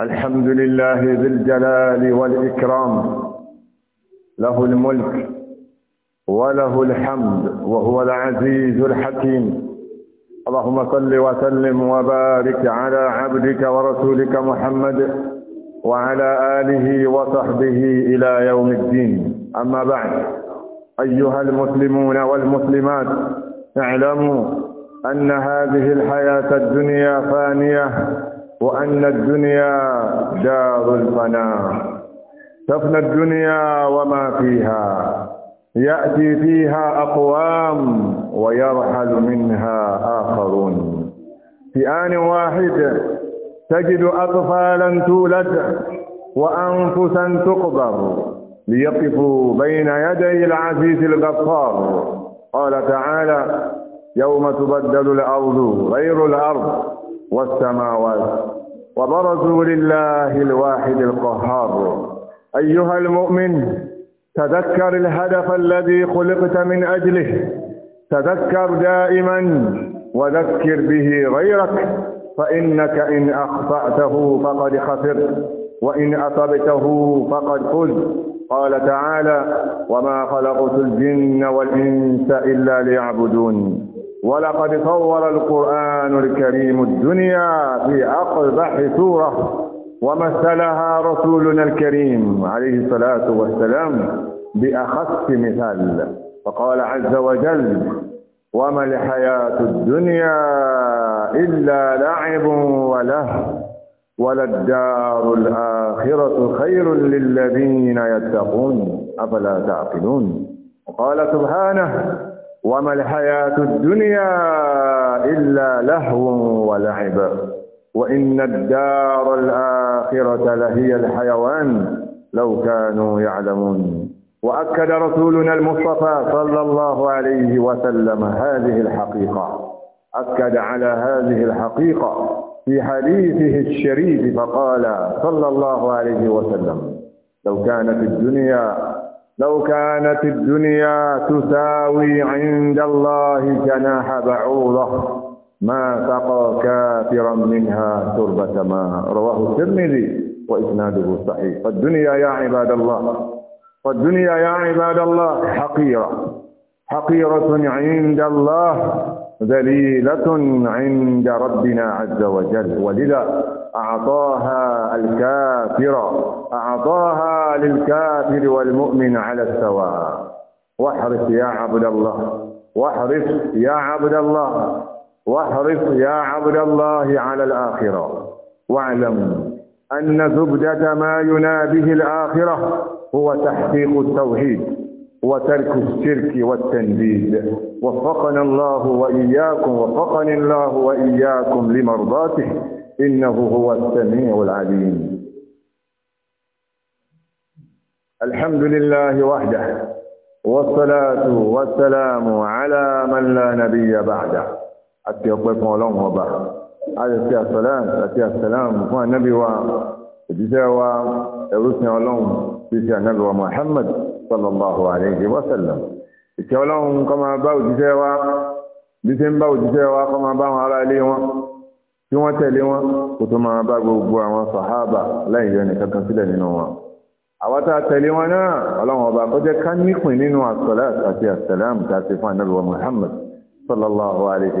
الحمد لله ذي الجلال والإكرام له الملك وله الحمد وهو العزيز الحكيم اللهم صل وسلم وبارك على عبدك ورسولك محمد وعلى آله وصحبه إلى يوم الدين أما بعد أيها المسلمون والمسلمات اعلموا أن هذه الحياة الدنيا فانية وأن الدنيا دار الفناء تفنى الدنيا وما فيها يأتي فيها أقوام ويرحل منها آخرون في آن واحد تجد أطفالا تولد وأنفسا تقبر ليقفوا بين يدي العزيز الغفار قال تعالى يوم تبدل الأرض غير الأرض والسماوات وبرزوا لله الواحد القهار أيها المؤمن تذكر الهدف الذي خلقت من أجله تذكر دائما وذكر به غيرك فإنك إن أخطأته فقد خسرت وإن أصبته فقد فزت قال تعالى وما خلقت الجن والإنس إلا ليعبدون ولقد صور القرآن الكريم الدنيا في أقبح سورة ومثلها رسولنا الكريم عليه الصلاة والسلام بأخص مثال فقال عز وجل وما الحياة الدنيا إلا لعب وله وللدار الآخرة خير للذين يتقون أفلا تعقلون وقال سبحانه وما الحياة الدنيا إلا لهو ولعب وإن الدار الآخرة لهي الحيوان لو كانوا يعلمون وأكد رسولنا المصطفى صلى الله عليه وسلم هذه الحقيقة أكد على هذه الحقيقة في حديثه الشريف فقال صلى الله عليه وسلم لو كانت الدنيا لو كانت الدنيا تساوي عند الله جناح بعوضة ما سقى كافرا منها تربة ماء رواه الترمذي وإسناده صحيح فالدنيا يا عباد الله فالدنيا يا عباد الله حقيرة حقيرة عند الله ذليلة عند ربنا عز وجل ولذا أعطاها الكافر أعطاها للكافر والمؤمن على السواء واحرص يا عبد الله واحرص يا عبد الله واحرص يا عبد الله على الآخرة واعلم أن زبدة ما ينابه الآخرة هو تحقيق التوحيد وترك الشرك والتنديد وفقنا الله وإياكم وفقني الله وإياكم لمرضاته إنه هو السميع العليم الحمد لله وحده والصلاة والسلام على من لا نبي بعده أتي أطلق الله وبعد عليه الصلاة أتي السلام فهو النبي وجزاوة يرسل الله بسي النبي محمد sallallahu alayhi wa sallam ìkẹ́ ọlọ́run kó máa bá òjíṣẹ́ wa bí ṣe ń bá òjíṣẹ́ wa kó máa bá wọn ará ilé wọn tí wọ́n tẹ̀lé wọn kó tó máa bá gbogbo àwọn sàhábà lẹ́yìn yọ nìkan kan sílẹ̀ nínú wọn àwọn tá a tẹ̀lé wọn náà ọlọ́run ọba kó jẹ́ ká nípìn nínú àsọ̀lá àti àsàlámù tá a fún ànábì Muhammad sallallahu alayhi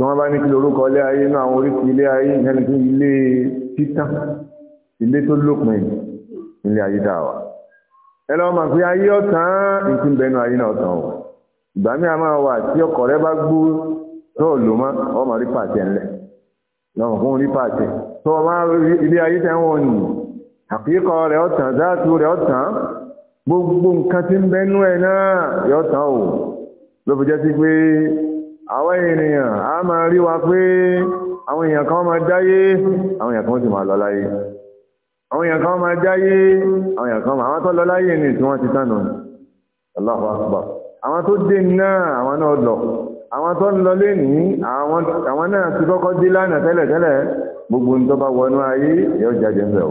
tí wọ́n bá ní kí lórúkọ ilé ayé náà àwọn oríkì ilé ayé ìyẹnì fún ilé títà ilé tó lópin ilé ayé dáwà ẹ lọ́wọ́ fi ayé ọ̀tán nǹkan bẹnu ayé náà ọ̀tán o ìgbà a máa wà tí ọkọ̀ rẹ bá gbó má ọmọ rí ńlẹ̀ lọ́wọ́ fún tó ilé ayé tẹ́ wọ́n nì àkíkọ ọ̀tán dáàtú ọ̀tán gbogbo nǹkan ń bẹnu àwọn ènìyàn a máa rí wa pé àwọn èèyàn kan máa dáyé àwọn èèyàn kan sì máa lọ láyé àwọn èèyàn kan máa dáyé àwọn èèyàn kan àwọn tó lọ ní tí wọ́n ti tànà Allahu Akbar àwọn tó dé náà àwọn náà lọ àwọn tó ń lọ lẹ́ni àwọn náà ti kọ́kọ́ dé lánàá tẹ́lẹ̀tẹ́lẹ̀ gbogbo ń tó bá wọnú ayé yóò jáde ń bẹ̀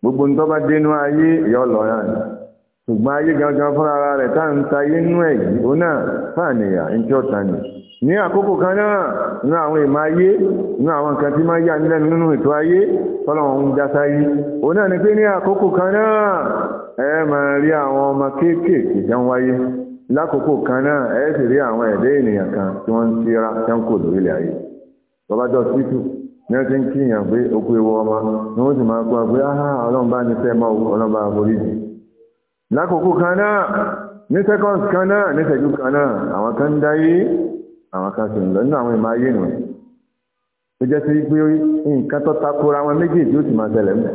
gbogbo ń tó bá dénú ayé yóò lọ ṣùgbọ́n ayé gangan fún ara rẹ̀ tá ń ta ayé nú ẹ̀yí ó náà fàníyà ní tí ọ̀tá ni ní àkókò kan náà nínú àwọn ìmọ̀ ayé nínú àwọn nǹkan tí máa yà nílẹ̀ nínú ètò ayé tọ́lọ̀wọ̀n ń jásá yí ó náà ni pé ní àkókò kan náà ẹ máa rí àwọn ọmọ kéékèèké jẹun wáyé lákòókò kan náà ẹ sì rí àwọn ẹ̀dẹ́ ènìyàn kan tí wọ́n ń ayé ewu ọmọ ni wọ́n sì lákòókò kan náà ní seconds kan náà ní ṣẹ́jú kan náà àwọn kan dáyé àwọn kan sì ń lọ nínú àwọn ìmọ̀ ayé nù tó jẹ́ sí pé nǹkan tó takora wọn méjì tí ó sì máa ṣẹlẹ̀ mẹ́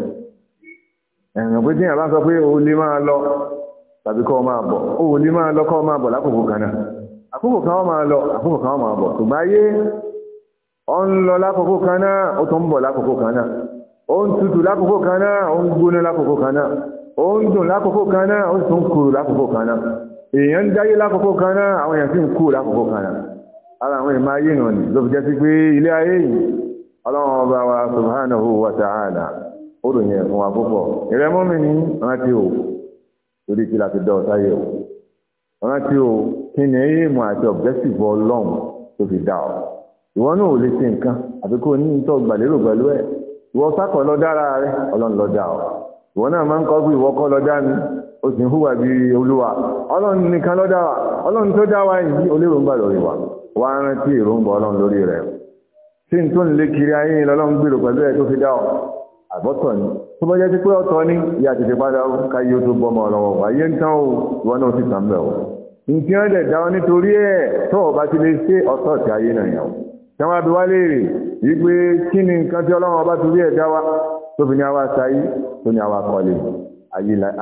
ẹ̀ràn pé tí àbá sọ pé o lè máa lọ tàbí kọ́ máa bọ̀ o lè máa lọ kọ́ máa bọ̀ lákòókò kan náà àkókò kan máa lọ àkókò kan máa bọ̀ ṣùgbọ́n ayé ọ ń lọ lákòókò kan náà ó tún ń bọ̀ lákòókò kan náà ó ń tutù lákòókò kan náà ó ń gbóná lákòókò kan náà ó ń dùn lákòókò kan náà ó sì ń kúrò lákòókò kan náà èèyàn ń dáyé lákòókò kan àwọn èèyàn sì ń kúrò ara àwọn ìmọ̀ ayé nà ní ló fi jẹ́ sí pé ilé ayé yìí ọlọ́run ọba wa subhanahu wa ta'ala ó wa púpọ̀ mi ní o torí kí la fi dọ́ o rántí o kí ni àti ọ ìwọ náà ò lè ṣe nǹkan o ní ìtọ́ gbàlérò pẹ̀lú ẹ̀ ìwọ sákọ̀ lọ dára rẹ ọ ìwọ náà máa ń kọ́ pé ìwọ kọ́ lọ dá mi bí olúwa ọlọ́run nìkan ló yìí oléròǹgbà lórí wa wá rántí èròǹgbà ọlọ́run lórí rẹ̀ tí n tó ń lé kiri ayé lọ́lọ́run gbèrò pẹ̀lú ẹ̀ tó fi dá ni tó bá jẹ́ sí pé ọ̀tọ̀ ni ìyá tètè padà ó káyé ó tó bọ́mọ ọlọ́wọ́ ayé ń tán o ìwọ náà ti tàn bẹ̀ o nǹkan ẹ̀dẹ̀ dá ọ nítorí ẹ̀ tóbi ní àwọn àṣáyí tó ní àwọn àkọlẹ̀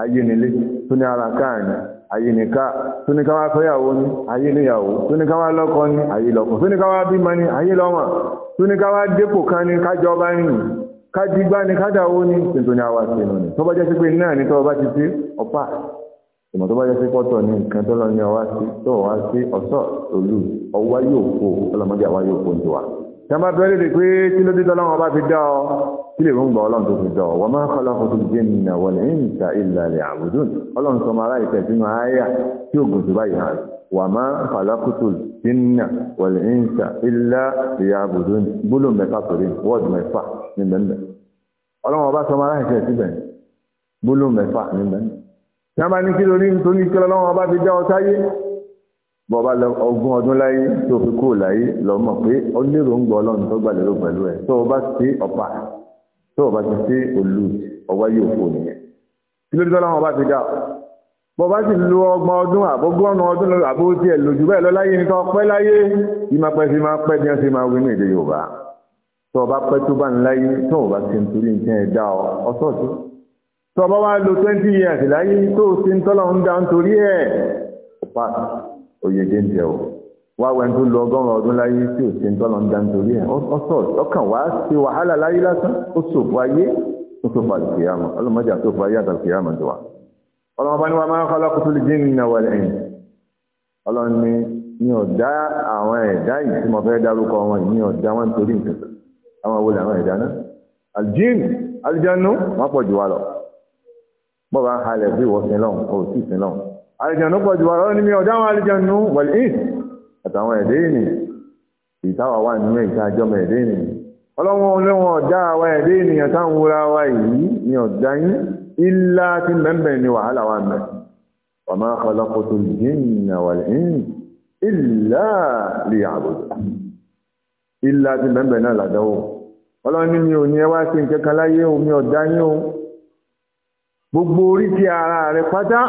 ayínilé tó ní ara káàrin ayínika tó ní káwà fẹ́yàwó ní ayíníyàwó tó ní káwà lọ́kọ ní ayílọ́kọ tó ní káwà bímọ ní ayílọ́mọ tó ní káwà dépò kan ní kájọba ní kájígbá ní kádàwó ní tó ní àwọn àṣẹnu ní tó bá jẹ́ sí pé náà ní tọ́wọ́ bá ti sí ọ̀pá ìmọ̀ tó bá jẹ́ sí pọ́tọ̀ ní nǹkan tó lọ ní ọwá sí tó wá sí ọ̀sọ́ kí lè rúngbà ọlọ́run tó fi jọ wa ma khalaqtul jinna wal insa illa liya'budun ọlọ́run sọ máa láì tẹ̀sí máa áyà tí ó gùn sí báyìí hàn wa ma khalaqtul jinna wal insa illa liya'budun gbólóhùn mẹ́fà sórí wọ́ọ̀dù mẹ́fà ní bẹ́ẹ̀ ọlọ́run ọba sọ máa láì tẹ̀sí bẹ́ẹ̀ mẹ́fà ní bẹ́ẹ̀ tí wọ́n bá ní kí nítorí kí ọlọ́run ọba fi já ọ sáyé bọ́ba ogún ọdún láyé tó fi kúrò láyé lọ́mọ pé ó lérò ń gbọ́ ọlọ́run tó gbàlérò pẹ̀lú ẹ̀ tó o bá sí ọ̀pá tó o bá ti ṣe òlù ọwọ́ yóò fò nìyẹn kí ló dé tọ́lá wọn bá ti dá bọ́ bá sì lo ọgbọ̀n ọdún àbọ́gbọ́n ọdún lọ àbó tí ẹ̀ lòjù bẹ́ẹ̀ lọ́láyé ní tọ́ pẹ́ láyé ìmọ̀pẹ́ sí máa pẹ́ díẹ̀ sí máa wí ní èdè Yorùbá tó o bá pẹ́ tó bá ń láyé tó o bá ti ń torí nǹkan ẹ̀ dá ọ ọ̀tọ̀ọ̀tọ̀ tó o bá wá lo twenty years láyé tó o ti ń tọ́lọ́ ń dá ń torí ẹ̀ ọ̀pá òye dé ń tẹ̀ o wá wẹ́n tó lọ ọgọ́rùn-ún ọdún láyé tí ò ṣe ń tọ́lọ̀ ń dá nítorí ẹ̀ ọ̀sọ̀ ọkàn wá ṣe wàhálà láyé lásán ó ṣòfò ayé ó ṣòfò àlùkìyàmọ̀ ọlọ́mọdé àtòfò ayé àtàlùkìyàmọ̀ tó wà. ọlọ́mọ bá ní wa máa ń kọ́lá kótó lè dín nínú wal ins ọlọ́run ní ní ọ̀dá àwọn ẹ̀dá yìí tí mo fẹ́ dárúkọ wọn ní ọ̀dá wọn torí nǹkan àwọn wo làwọn ẹ̀dá náà àtàwọn ẹ̀dẹ́ ènìyàn ìtawà wà nínú ìta àjọmọ̀ ẹ̀dẹ́ ènìyàn ọlọ́wọ́n olóhùn ọ̀dá àwa ẹ̀dẹ́ ènìyàn táwọn wúra wa yìí ni ọ̀dá yín ilá tí mẹ́mbẹ̀ ni wàhálà wà mẹ́ ọmọ akọlọpọtò jìnnà wà lẹ́yìn pátá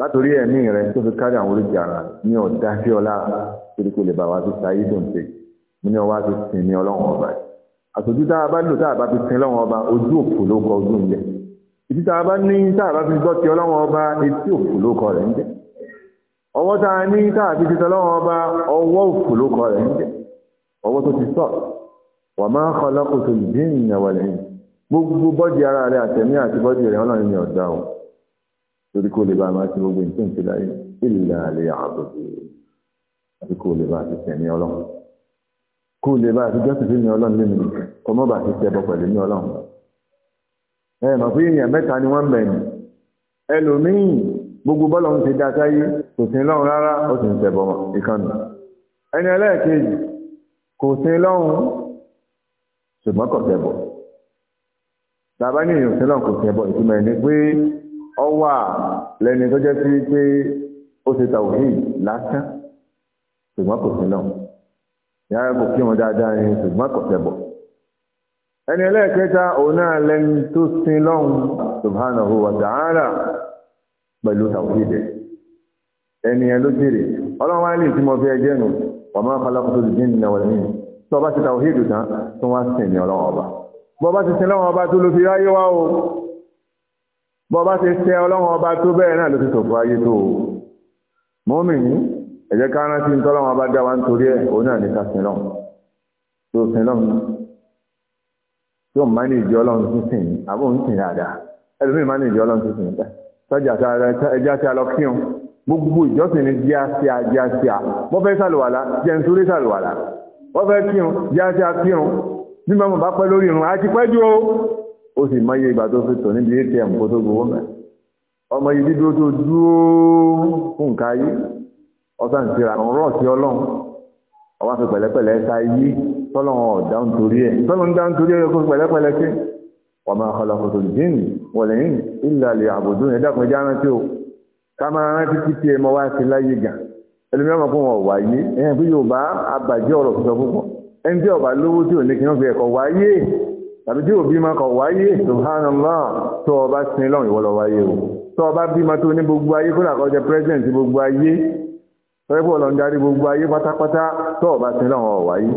látòrí ẹ̀mí rẹ tó fi kárí àwọn oríṣi ara ní ọ̀dá sí ọlá torí kò lè bá wa fi sáyé dùn sí i ní ọwá fi sìn ní ọlọ́run ọba yìí àtòjú tá a bá lò tá a bá fi sìn ọlọ́run ọba ojú òfò ló kọ ojú ń jẹ ìdí tá a bá ní tá a bá fi gbọ́ ti ọlọ́run ọba etí òfò ló kọ rẹ̀ ń jẹ ọwọ́ tá a ní tá a fi ti tọ́lọ́run ọba ọwọ́ òfò ló kọ rẹ̀ ń jẹ ọwọ́ tó ti sọ wà máa ń kọ́ lọ́kùnrin jìn ìyàwó rẹ̀ gbogbo bọ́dì ara rẹ̀ àtẹ̀mí àti bọ́dì rẹ̀ ọlọ́run ni ọ̀dà ọ̀hún torí kó lè bá máa ti gbogbo nǹkan ti láyé ìlà àlè àbòbò àti kó lè bá ti tẹ̀mí ọlọ́run kó lè bá ti jọ́sìn fún mi ọlọ́run nínú kọ́mọ́bà ti tẹ̀ bọ́ pẹ̀lú mi ọlọ́run ẹ mọ̀ pé èèyàn mẹ́ta ni wọ́n ń bẹ̀yìn ẹlòmíì gbogbo bọ́lọ̀ ń ti dá sáyé kò sí lọ́run rárá ó sì ń tẹ̀ bọ́ ìkànnì ẹni ẹlẹ́ẹ̀kejì kò sí lọ́run ṣùgbọ́n kò tẹ̀ bọ̀ ọ lẹ́ni tó jẹ́ sí pé ó ṣe tàwíì lásán ṣùgbọ́n kò sí náà yàrá kò kí wọn dáadáa ní ṣùgbọ́n kò tẹ̀bọ̀ ẹni ẹlẹ́ẹ̀kẹta òun náà lẹ́ni tó sin lọ́hùn ta'ala pẹ̀lú tàwíì dẹ̀ ẹni ẹ ọlọ́run wá lè tí mo fi ẹjẹ́ nù máa kọ́ lọ́kùn tó lè dín ọba bọ́ bá ti ọba tó fi ráyé bọ́ bá ti tẹ́ ọlọ́run ọba tó bẹ́ẹ̀ náà ló ti sòfò ayé tó o mọ́mì ní ẹ̀jẹ̀ ká rántí ní tọ́lọ́run ọba dá wa nítorí ẹ̀ òun náà ní ká sin lọ́run tó sin lọ́run tó ń máa ní ìjọ ọlọ́run tó sìn ní àbó ń sìn dáadáa ẹlòmíì máa ní ìjọ ọlọ́run tó sìn níta sọ́jà ẹja ti alọ kírun gbogbo ìjọsìn ní díásíá díásíá wọ́n fẹ́ sàlùwàlá jẹun tó lé sàlùwàlá wọ́n fẹ́ kírun díásíá kírun bí mọ́mọ́ bá pẹ́ lórí irun àti pẹ́ o ó sì mọ́yé ìgbà tó fi tò níbi atm kó tó gbowó mẹ́ ọmọ yìí dídúró tó dúró fún nǹkan ayé ọ̀sán ti ra rọ̀ sí ọlọ́run ọwọ́ fi pẹ̀lẹ́pẹ̀lẹ́ ta yí tọ́lọ́run ọ̀dá ń torí ẹ̀ tọ́lọ́run dá ń torí ẹ̀ kó fi pẹ̀lẹ́pẹ̀lẹ́ sí ọmọ ọ̀lọ́kọ̀tò jíìnì wọ̀lẹ̀ yìí ìlàlẹ̀ àbòdún ẹ̀dá kan já rántí o ká máa rántí títí ẹ̀ mọ́ wá sí láyé gà ẹlòmíràn máa fún wọn wáyé ẹ̀yìn fún Yorùbá abàjẹ́ ọ̀rọ̀ sọ púpọ̀ ẹni tí ọ̀bà lówó tí ò ní kí wọ́n fi ẹ̀kọ́ wáyé tàbí tí òbí máa kọ̀ wáyé subhanallah tó ọba sin lọ́wọ́ ìwọ́lọ̀ wáyé o tó ọba bímọ tó ní gbogbo ayé kó làkọ́ jẹ president gbogbo ayé tọ́lẹ́pọ̀ lọ ń darí gbogbo ayé pátápátá tó ọba sin lọ́wọ́ wáyé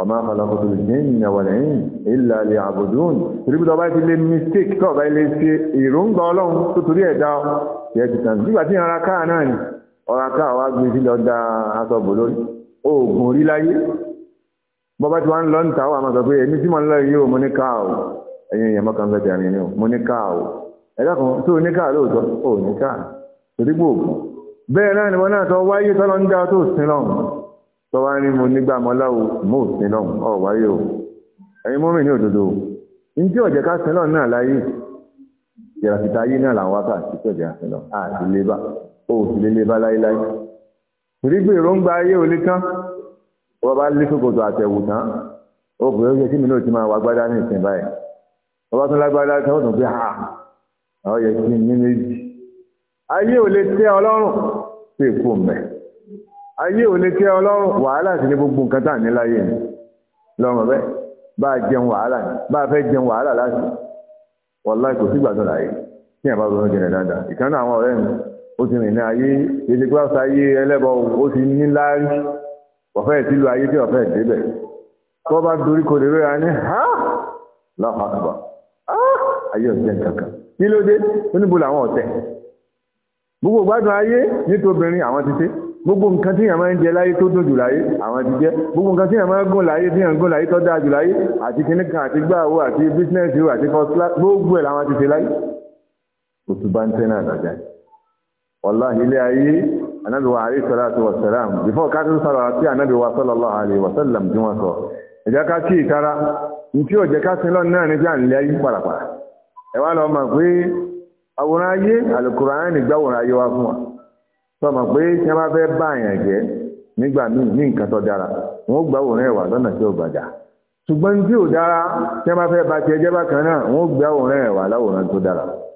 ọmọ akọlọkọtò ìjìnlẹ̀ wọ̀lẹ̀ yìí illa liya'budun ìrúbùdó ọba ti lé mistake tó ọba ilé ṣe ìrúǹgbà bọ́bá tí wọ́n ń lọ ń ta ó àmọ́ sọ pé èmi tí mo ń lọ yìí ó mo ní káà ó ẹ̀yin èèyàn mọ́kàn fẹ́ tẹ̀rín ni ó mo ní káà ó ẹ̀dá kan tó ní káà lóòótọ́ ó ní káà torípò òkú bẹ́ẹ̀ náà ni wọ́n náà tọ́ wáyé tọ́lọ́ ń dá tó sin lọ́hùn tọ́ wá ní mo nígbà mọ́láwo mo ò sin lọ́hùn ọ̀ wáyé o ẹ̀yin mọ́mì ní òdodo njẹ́ ọ̀jẹ̀ ká sin lọ́hùn náà láyé ìràfìtà ayé náà làwọn wọ́n bá lé ṣòkòtò àtẹ̀wù tán ó pè é yẹ mi náà ti máa wá gbádá ní ìsìn báyìí wọ́n tún lágbádá tán ó tún fi hà àwọn yẹ kí mi méjì ayé ò lè tẹ́ ọlọ́run sí èkó mẹ́ ayé ò lè tẹ́ ọlọ́run wàhálà sí ní gbogbo nǹkan tá à ní láyé ni lọ́rùn bẹ́ẹ̀ bá a jẹun wàhálà bá a fẹ́ jẹun wàhálà láti wọ́lá kò sí gbàdúrà yìí kí ẹ̀ bá ronú jẹ̀rẹ̀ dáadáa ìkànnì àwọn ọ̀rẹ́ mi ó ti rìn ní ayé ètò ìgbà ẹlẹ́bọ̀ ó ti ní láárí ọ̀fẹ́ ìtìlú ayé tí ọ̀fẹ́ ìdébẹ̀ tó bá dorí kò lè rẹ́ra ní ha lọ́pàá ah! ayé ọ̀jẹ́ kankan kí ló dé oníbo làwọn ọ̀tẹ̀ gbogbo gbádùn ayé nítòbìnrin àwọn ti ṣe gbogbo nǹkan tí yàn máa ń jẹ láyé tó dùn jù àwọn ti jẹ gbogbo nǹkan tí yàn máa ń gùn láyé tí yàn gùn láyé tó dáa jù láyé àti kìnnìkan àti gbàwó àti bísínẹ́sì àti first class gbogbo ẹ̀ làwọn ti ṣe láyé òtún bá ń tẹ́ náà dájá ọ̀la ilé ayé anábì wa alayhi salatu wa salam before ká tún sọ̀rọ̀ àti anábì wa sallallahu alayhi wa sallam tí wọ́n sọ ẹ̀jẹ̀ ká kí ìtara ní tí ò jẹ́ ká sin lọ́nà náà ní bí à ń lé ayé pàràpàrà ẹ wá lọ mọ̀ pé àwòrán ayé Al-Qur'ani gbàwòrán ayé wa fún wa sọ mọ̀ pé tí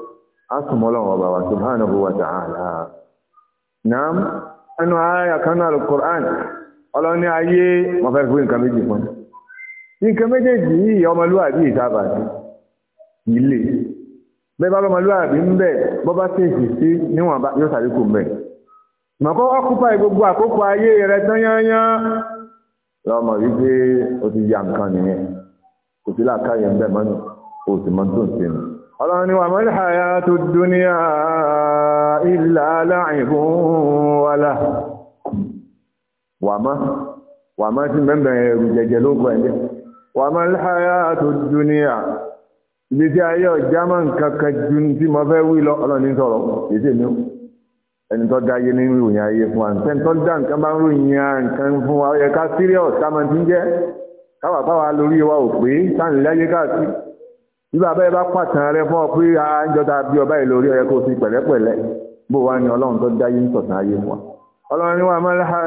asùmọ́lọ́wọ́ bàbá subhanahu wa ta'ala naam ẹnu ààyà kanáà al-Qur'an ọlọ́ni ayé mọ̀fẹ́ fún nǹkan méjì fún nǹkan méjèèjì yìí ọmọlúwàbí ìsábà sí ilé bẹ́ẹ̀ bá lọ́mọlúwàbí ń bẹ̀ bọ́ bá tèèsì sí níwọ̀n yóò sàríkù mẹ́ mọ̀kọ́ ọ́kúpa gbogbo àkókò ayé rẹ̀ tán yányán lọ́mọ wípé ó ti ọlọ́run ni wà mọ́lẹ̀ àyà tó dúníà ilẹ̀ aláìbùn wàlá wàmá wàmá tí mẹ́bẹ̀ ẹ̀rù jẹjẹ ló gbọ́ ẹ̀jẹ́ wà mọ́lẹ̀ àyà tó dúníà ibi tí ayé ọjà máa ń kankan ju tí mo fẹ́ wí lọ ọlọ́run sọ̀rọ̀ èsì mi ẹni tó dá nínú ìròyìn ayé fún wa nǹkan dá nǹkan bá ń ròyìn nǹkan fún wa ó yẹ ká ti ń jẹ́ káwà lórí wa ò pé sáà bí bàbá yẹn bá pàtàn rẹ fún ọ pé àjọta bí ọba yìí lórí ọyẹ kó o fi pẹ̀lẹ́pẹ̀lẹ́ bó wá ní ọlọ́run tó dáyé ń sọ̀tàn ayé wa ọlọ́run ní wa máa ń ha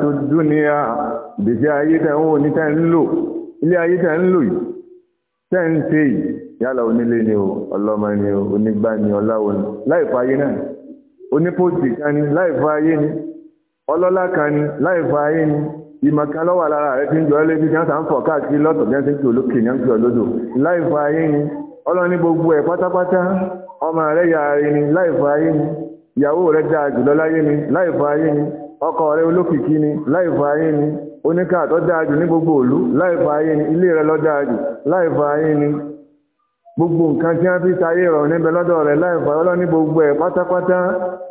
tó dún ní a gbèsè ayé tẹ̀ ń wò ní tẹ̀ ń lò ilé ayé tẹ̀ ń lò yìí tẹ̀ ń ṣe yìí yálà onílé ni o ọlọ́mọ ni o onígbà ni ọláwo ni láìfọ ayé náà onípòsì kan ni láìfọ ayé ni ọlọ́lá kan ni láìfọ ayé ni ìmọ̀kan lọ́wọ́ lára rẹ̀ ti ń jọ lé bí kí wọ́n sàn fọ̀ káàkiri lọ́tọ̀ bí wọ́n ti olókè ní ọ̀pẹ̀ olódò láìfọ ayé ni ọlọ́run gbogbo ẹ̀ pátápátá ọmọ rẹ̀ ya ayé ni ayé ni ìyàwó rẹ̀ láyé ayé ni ọkọ rẹ̀ olókìkí ni ayé ni oníkàtọ́ ní gbogbo òlu ayé ni ilé rẹ̀ lọ́ gbogbo nǹkan tí wọ́n fi sáyé rọ̀ níbẹ̀ lọ́dọ̀ rẹ̀ láìpẹ́ ọlọ́ní gbogbo ẹ̀ pátápátá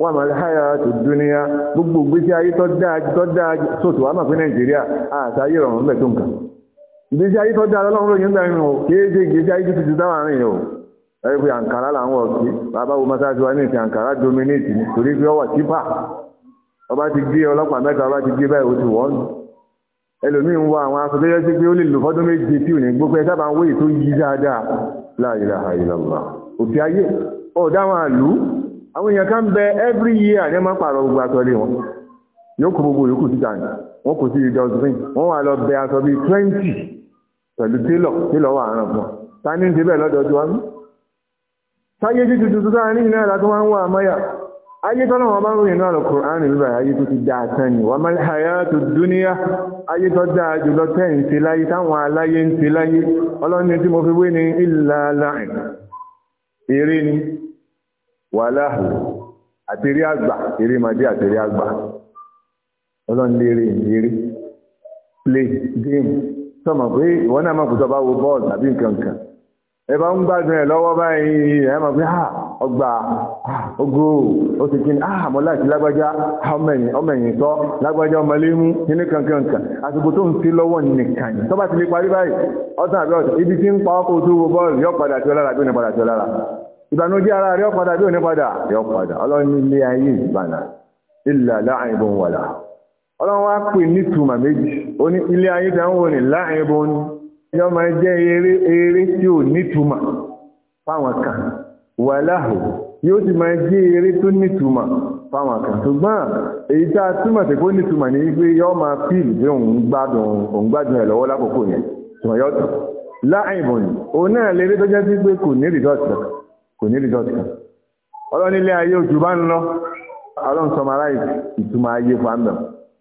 wà máa lè háyà tó dúníyà gbogbo gbèsè ayé tó dáa tó dáa sòtò wà máa fi nàìjíríà àtàyè rọ̀ níbẹ̀ tó nǹkan. gbèsè ayé tó dáa lọ́wọ́ lóyún gbà yín o kìí ṣe gbèsè ayé tó ti dáwà rìn o. ẹ fi àǹkárá làwọn ọ̀gbìn bàbá wo masáàsì wa ní ìsìn àǹkárá dominate ni torí pé ọwà típà ọba ti gbé ọlọ́pàá mẹ́ta ọba ti gbé báyìí o ti wọ́n ẹlòmíín wọ àwọn aṣọ tó yẹ sí pé ó lè lò fọ́dún méje tí ò ní gbogbo ẹ sábà ń wéyìí la ilaha illallah òfin ayé ọ̀dáwọn àlú àwọn èèyàn ká ń bẹ every year ní ọmọ pààrọ̀ gbogbo àtọ́lé wọn yóò kó gbogbo yòókù síta ní wọ́n kò sí ìjọ ọ̀sìn wọ́n wà lọ bẹ aṣọ bíi twenty pẹ̀lú télọ̀ télọ̀ wà fún ta ní ń lọ́dọọdún wa mú sáyé títí tuntun sáà ní ìnáyà wá ń ayé tọ́lọ́ wọn bá ń rìn náà Kùránì bíbà ayé tó ti dáa tán ni wọ́n máa hayá tó dúníyà ayé tó dáa jùlọ tẹ́ ń ṣe láyé táwọn aláyé ń ṣe láyé ọlọ́ni tí mo fi wé ní ìlà láàrín eré ni wàláhù àtẹ̀rí àgbà eré màdé àtẹ̀rí àgbà ọlọ́ni lérè eré play game sọmọ pé ìwọ náà máa kù sọ bá wo bọ́ọ̀lù tàbí nǹkan kan ẹ̀bá ń gbádùn ẹ̀ lọ́wọ́ báyìí ẹ̀ mọ̀ pé ah, ọgbà ah, ogó ó ti kíni àmọ́ ah, láti lágbájá ọmọẹ̀yìn tọ́ lágbájá ọmọlémú nínú kankankan àsìkò tó ń sí lọ́wọ́ nìkan yìí tọ́ba ti lè parí báyìí ọ̀sán àbí ibi tí ń pa ọkọ̀ yọ máa jẹ eré tí ò nítumọ̀ fáwọn kan wà láhù yóò sì máa jẹ́ eré tó nítumọ̀ fáwọn kan ṣùgbọ́n èyí tá a túmọ̀ sí pé nítumọ̀ ní yọ ma fíìl pé òun gbádùn òun gbádùn ẹ̀ lọ́wọ́ lákòókò yẹn ṣùgbọ́n yọ ni òun náà tó jẹ́ sí pé kò ní kan kò ní kan ọlọ́nilé ayé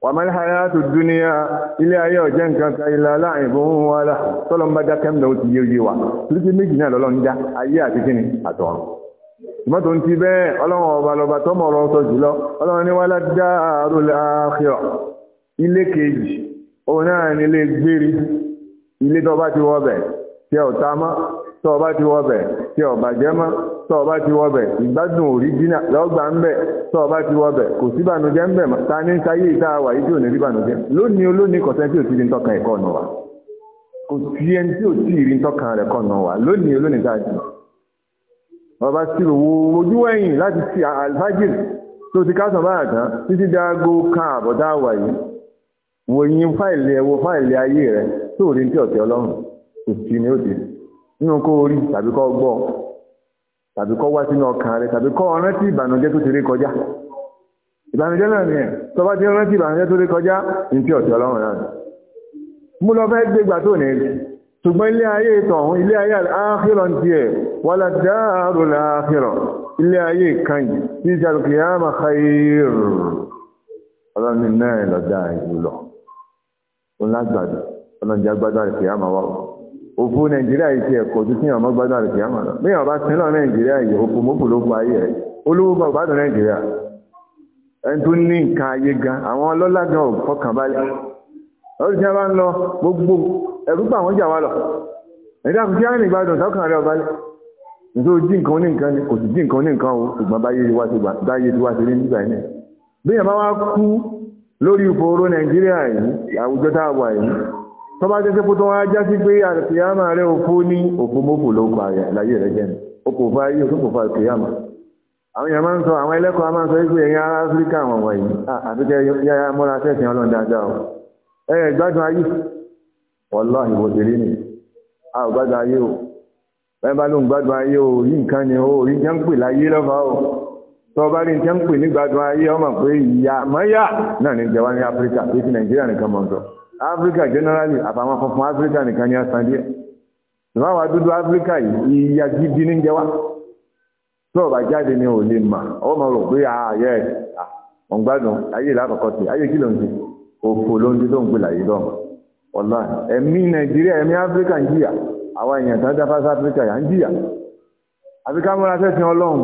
wàmán hayatu duniya ilé ayé ọ̀jẹ́ nǹkan kan ilẹ̀ aláìbùn wọn la tọ́lọ́ ń bá dá kẹ́mìnà ó ti yé oyé wa lójú méjì náà lọ́lọ́ ń já ayé àti kíni àtọ̀run ìmọ́tò ń ti bẹ́ẹ̀ ọlọ́run ọba lọ́ba tọ́mọ̀ ọ̀rọ̀ sọ jùlọ ọlọ́run ní wàlá dáàrú láàkíọ̀ ilé kejì òun náà ní ilé gbére ilé tó bá ti wọ́ bẹ̀ tí ọ̀tá mọ́ tó ti wọ́ bẹ̀ tí ọ̀bàjẹ́ mọ́ tọ́ọ̀bá ti wọ́bẹ̀ ìgbádùn òríjínà lọ́gbà ń bẹ̀ tọ́ọ̀bá ti wọ́bẹ̀ kò sí bànújẹ́ ń bẹ̀ ta ní sáyé ìta wà yìí tí ò ní rí bànújẹ́ lónìí olónìí kọ̀sẹ́ tí ò ti rí tọ́ka ẹ̀kọ́ ọ̀nà wa kò sí ẹni tí ò ti rí tọ́ka ẹ̀kọ́ ọ̀nà wa lónìí olónìí tá a ọba sí owó ojú ẹ̀yìn láti ti alfajir tó ti kásán báyà tán títí dáago kan àbọ̀dá wà yìí wo tàbí kọ́ wá sínú ọkàn rẹ̀ tàbí kọ́ rántí ìbànújẹ́ tó ti rí kọjá ìbànújẹ́ náà ni ẹ̀ tó bá ti rántí ìbànújẹ́ tó rí kọjá ní tí ọ̀tí ọlọ́run náà ni mú lọ fẹ́ gbégbà tó ní ṣùgbọ́n ilé ayé ìtọ̀hún ilé ayé àáfíìrọ̀ ti ẹ̀ wà ládàárò láàfíìrọ̀ ilé ayé òfò nàìjíríà yìí ti ẹ̀kọ́ tó tíyàn mọ́gbádùn àrùkì àmà lọ bí ọba sílọ nàìjíríà yìí òfò mọ́kù ló pa ayé rẹ̀ olówó bá ọbádùn nàìjíríà ẹni tó ní nǹkan ayé gan àwọn ọlọ́lá gan ò fọkàn balẹ̀ ọdún tí a bá ń lọ gbogbo ẹ̀rú pa àwọn jà wá lọ ẹ̀dá kò tó bá jẹ́ pé tó wá já sí pé àrẹ̀kìyàmà rẹ̀ òkú ní òkúmọ́kù ló pa àyàláyé rẹ̀ jẹ́ okùnfà ayé okùnfà àrẹ̀kìyàmà àwọn èèyàn máa ń sọ àwọn ẹlẹ́kọ̀ọ́ máa ń sọ wípé ẹ̀yìn ará áfíríkà wọn wọ̀nyí àbíkẹ́ yáyá múra sẹ́sìn ọlọ́run dáadáa o ẹ̀yẹ ìgbádùn ayé wọ́lọ́ ìwò tèrè ni a ò gbádùn ayé o bẹ́ẹ̀ bá ló ń gbádùn ayé o yí nǹkan ni o rí jẹ́ ń pè láyé lọ́fà o tọ́ bá rí jẹ́ ń pè ní gbádùn ayé ọmọ pé ìyá mọ́yà náà ní jẹ́ wá ní áfíríkà pé ti nàìjíríà nìkan mọ̀ sọ áfíríkà generally àfàwọn funfun áfíríkà nìkan ní àsán díẹ̀ ṣùgbọ́n àwọn dúdú áfíríkà yìí ìyà gidi ní jẹwa tó ọba jáde ní òní mà ọwọ́ máa rò pé ààyè ah, ọ̀gbádùn ah, ayé lákọ̀ọ́kọ́ ti ayé kí ló ń ṣe òfò ló ń ṣe tó ń pè láyé lọ́mọ ọ̀la ẹ̀mí nàìjíríà ẹ̀mí áfíríkà ń jìyà àwọn èèyàn tó ń dá fásitì áfíríkà yà ń jìyà àfi ká múra sẹ́sìn ọlọ́run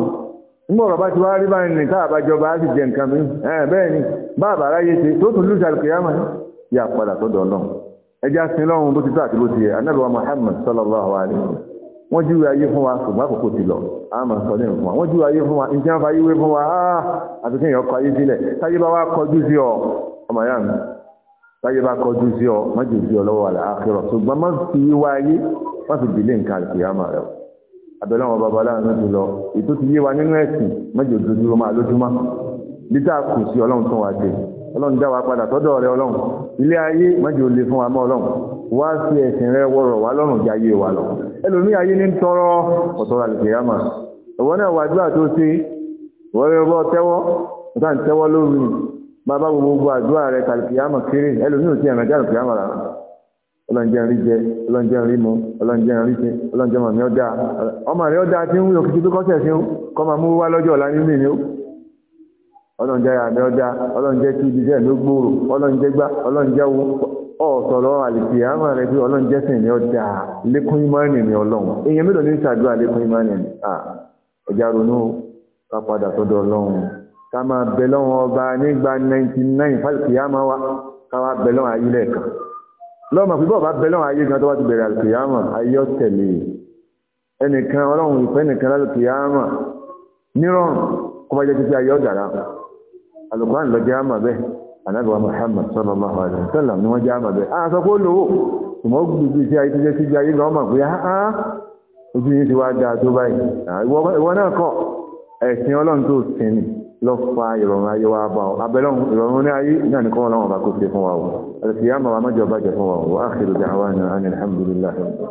nígbà bàbá ti wá rí báyìí nìta àbájọba á sì jẹ nǹkan mi bẹ́ẹ̀ ni bá àbáráyé ṣe tó tún lùsàlùkì yá màá yá padà sọ́dọ̀ ọlọ́run ẹjá sin lọ́run bó ti tó àti bó ti yẹ anábì wa Muhammad sallallahu alayhi wa sallam wọ́n júwe ayé fún wa ṣùgbọ́n àkókò ti lọ àmà sọ ní nǹkan wọ́n júwe ayé fún wa nǹkan afa yíwé fún wa àti kí èèyàn kọ ayé sílẹ̀ táyé bá wá kọjú sí ọ ọmọ yá mi táyé bá kọjú sí ọ má jù lọ ètò ti yé nínú ẹ̀sìn má jù ojoojúmọ́ àlójúmọ́ kù sí ọlọ́run tó wá dé ọlọ́run dá wa padà sọ́dọ̀ rẹ ọlọ́run ilé ayé májò lè fún wa mọ́ ọlọ́run wá sí ẹ̀sìn rẹ wọ̀rọ̀ wá lọ́rùn jẹ ayé wa lọ ẹlòmí ayé ní tọrọ ọ̀tọ́ra lè fẹ́ yàmà ìwọ náà wà àdúrà tó ṣe ìwọ rẹ bọ́ tẹ́wọ́ nígbà tẹ́wọ́ lórí bàbá gbogbo àdúrà rẹ kàlùkì yàmà kéré ẹlòmí ò sí ẹ̀rọ ọlọ́run jẹ́ àmì ọjà ọlọ́run jẹ́ kí ibi jẹ́ ló gbòòrò ọlọ́run jẹ́ gbá ọlọ́run jẹ́ wo ọ̀sọ̀rọ̀ àlèkè àmọ́ rẹ̀ bí ọlọ́run jẹ́ sìn ní ọjà lékún ìmọ̀ọ́nì ní ọlọ́run èèyàn mélòó ní ìṣàdúrà lékún ìmọ̀ọ́nì ní à ẹ̀já ronú ká padà sọ́dọ̀ ọlọ́run ká máa bẹ lọ́wọ́ ọba nígbà 99 fálìkì àmọ́ wa ká wá bẹ lọ́wọ́ ayé lẹ́ẹ̀kan lọ́mọ pípọ̀ bá bẹ lọ́wọ́ ayé gan tó bá ti bẹ̀rẹ̀ àlèkè àmọ́ ayé ọ̀tẹ̀lẹ̀ ẹnìkan ọlọ́run ìfẹ́ nìkan lálùkè àmọ́ nírọ̀rùn kó alùpàá lọ jẹ́ àmà bẹ́ẹ̀ anábìwá Muhammad sallallahu alaihi wasallam ni wọ́n jẹ́ àmà bẹ́ẹ̀ a ah, sọ pé ó lówó ṣùgbọ́n gbogbo iṣẹ́ ayé tó jẹ́ síbi ayé lọ́mọ̀ pé áá ah, ah, ojú yìí ti wá dáa tó báyìí ìwọ náà kọ ẹ̀sìn ọlọ́run tó sìn ní lọ fa ìrọ̀rùn ayé wa bá ọ